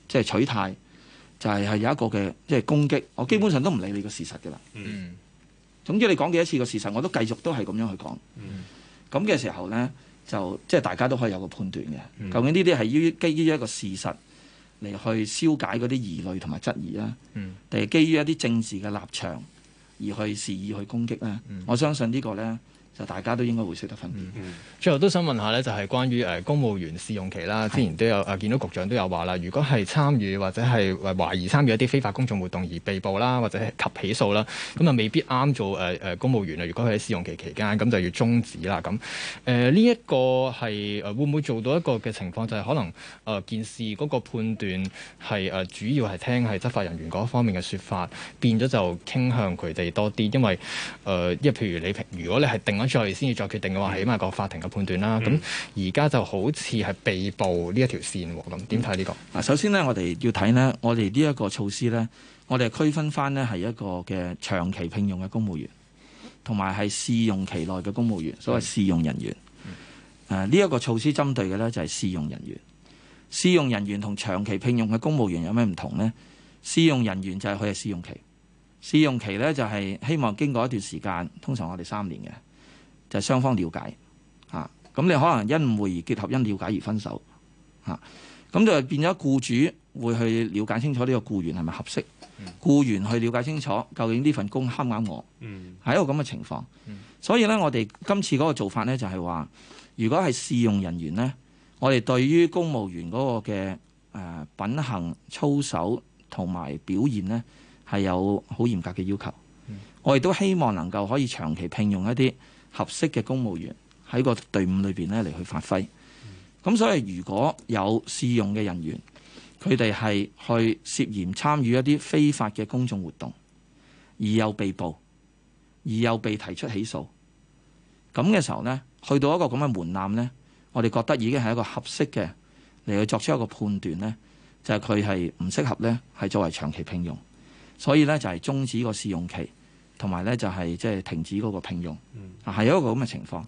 即係取態，就係、是、係、啊就是就是、有一個嘅即係攻擊。我基本上都唔理你個事實嘅啦。嗯。總之你講幾多次個事實，我都繼續都係咁樣去講。嗯。咁嘅時候呢，就即係大家都可以有個判斷嘅。究竟呢啲係基於一個事實，嚟去消解嗰啲疑慮同埋質疑啦，嗯，定係基於一啲政治嘅立場而去示意去攻擊咧？我相信呢個咧。就大家都應該會少得分、嗯。最後都想問下呢就係、是、關於誒公務員試用期啦。之前都有誒見到局長都有話啦，如果係參與或者係懷疑參與一啲非法公眾活動而被捕啦，或者係及起訴啦，咁啊未必啱做誒誒公務員啊。如果佢喺試用期期間，咁就要終止啦。咁誒呢一個係誒會唔會做到一個嘅情況，就係、是、可能誒、呃、件事嗰個判斷係誒、呃、主要係聽係執法人員嗰方面嘅説法，變咗就傾向佢哋多啲，因為誒，因、呃、為譬如你譬如果你係定再先要再決定嘅話，起碼個法庭嘅判斷啦。咁而家就好似係被捕呢一條線咁，點睇呢個？啊，首先呢，我哋要睇呢，我哋呢一個措施呢，我哋係區分翻呢係一個嘅長期聘用嘅公務員，同埋係試用期內嘅公務員，所謂試用人員。嗯、啊，呢、這、一個措施針對嘅呢就係、是、試用人員。試用人員同長期聘用嘅公務員有咩唔同呢？試用人員就係佢係試用期，試用期呢，就係、是、希望經過一段時間，通常我哋三年嘅。就係雙方了解嚇，咁、啊、你可能因誤會而結合，因了解而分手嚇，咁、啊、就變咗僱主會去了解清楚呢個僱員係咪合適，僱、嗯、員去了解清楚究竟呢份工啱唔啱我，係、嗯、一個咁嘅情況。嗯、所以呢，我哋今次嗰個做法呢，就係話，如果係試用人員呢，我哋對於公務員嗰個嘅誒、呃、品行、操守同埋表現呢，係有好嚴格嘅要求。嗯、我哋都希望能夠可以長期聘用一啲。合適嘅公務員喺個隊伍裏邊呢嚟去發揮，咁所以如果有試用嘅人員，佢哋係去涉嫌參與一啲非法嘅公眾活動，而又被捕，而又被提出起訴，咁嘅時候呢，去到一個咁嘅門檻呢，我哋覺得已經係一個合適嘅嚟去作出一個判斷呢，就係佢係唔適合呢，係作為長期聘用，所以呢，就係、是、終止個試用期。同埋咧就係即係停止嗰個聘用，啊係一個咁嘅情況。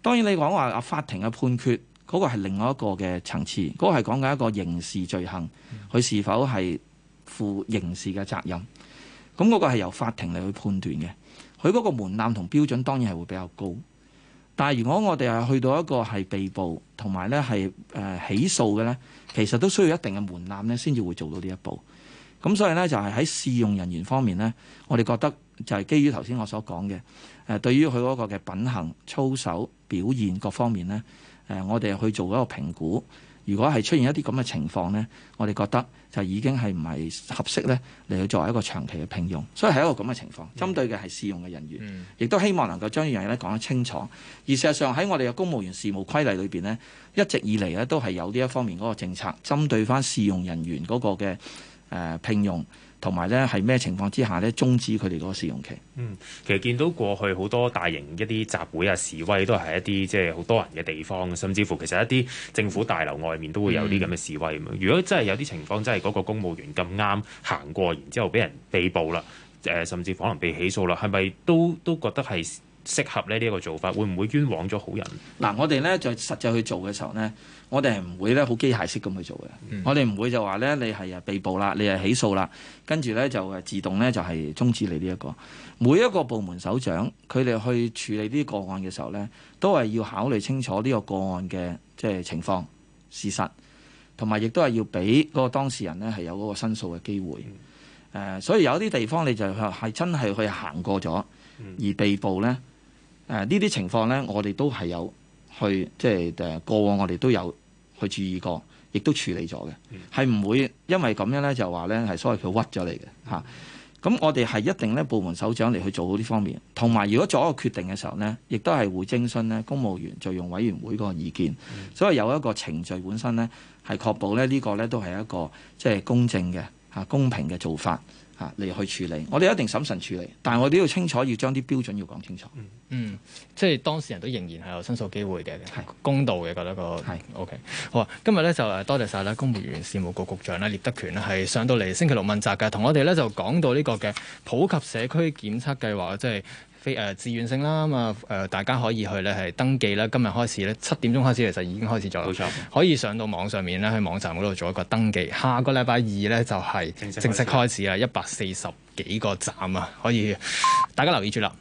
當然你講話啊法庭嘅判決嗰個係另外一個嘅層次，嗰個係講緊一個刑事罪行，佢是否係負刑事嘅責任？咁嗰個係由法庭嚟去判斷嘅。佢嗰個門檻同標準當然係會比較高。但係如果我哋係去到一個係被捕同埋咧係誒起訴嘅咧，其實都需要一定嘅門檻咧先至會做到呢一步。咁所以咧就係喺試用人員方面咧，我哋覺得。就係基於頭先我所講嘅，誒、呃、對於佢嗰個嘅品行、操守、表現各方面呢，誒、呃、我哋去做一個評估。如果係出現一啲咁嘅情況呢，我哋覺得就已經係唔係合適呢嚟去作為一個長期嘅聘用，所以係一個咁嘅情況。針對嘅係試用嘅人員，亦、嗯、都希望能夠將呢樣嘢咧講得清楚。而事實上喺我哋嘅公務員事務規例裏邊呢，一直以嚟咧都係有呢一方面嗰個政策，針對翻試用人員嗰個嘅誒、呃、聘用。同埋咧，係咩情況之下咧終止佢哋嗰個試用期？嗯，其實見到過去好多大型一啲集會啊示威都係一啲即係好多人嘅地方，甚至乎其實一啲政府大樓外面都會有啲咁嘅示威。嗯、如果真係有啲情況，真係嗰個公務員咁啱行過，然之後俾人被捕啦，誒，甚至可能被起訴啦，係咪都都覺得係？適合呢呢一、這個做法，會唔會冤枉咗好人？嗱，我哋呢在實際去做嘅時候呢，我哋係唔會呢好機械式咁去做嘅。嗯、我哋唔會就話呢，你係啊被捕啦，你係起訴啦，跟住呢就誒自動呢就係、是、終止你呢、這、一個。每一個部門首長佢哋去處理呢個案嘅時候呢，都係要考慮清楚呢個個案嘅即係情況事實，同埋亦都係要俾嗰個當事人呢係有嗰個申訴嘅機會。誒、嗯呃，所以有啲地方你就係真係去行過咗、嗯、而被捕呢。誒呢啲情況呢，我哋都係有去即係誒過往我哋都有去注意過，亦都處理咗嘅，係唔會因為咁樣呢，就話呢係所謂佢屈咗你嘅嚇。咁、啊、我哋係一定呢部門首長嚟去做好呢方面，同埋如果做一個決定嘅時候呢，亦都係會徵詢呢公務員敘用委員會個意見，嗯、所以有一個程序本身呢，係確保呢呢、這個呢都係一個即係、就是、公正嘅嚇、啊、公平嘅做法。啊！嚟去處理，我哋一定審慎處理，但係我哋要清楚，要將啲標準要講清楚。嗯即係當事人都仍然係有申訴機會嘅，係是公道嘅，覺得、那個係是 OK。好啊，今日咧就誒多謝晒咧，公務員事務局局，局長咧，聶德權咧係上到嚟星期六問責嘅，同我哋咧就講到呢個嘅普及社區檢測計劃，即係。非誒，自願性啦，咁啊誒，大家可以去咧，係登記啦。今日開始咧，七點鐘開始，其實已經開始咗。冇錯，可以上到網上面咧，喺網站嗰度做一個登記。下個禮拜二咧，就係正式開始啊！一百四十幾個站啊，可以大家留意住啦。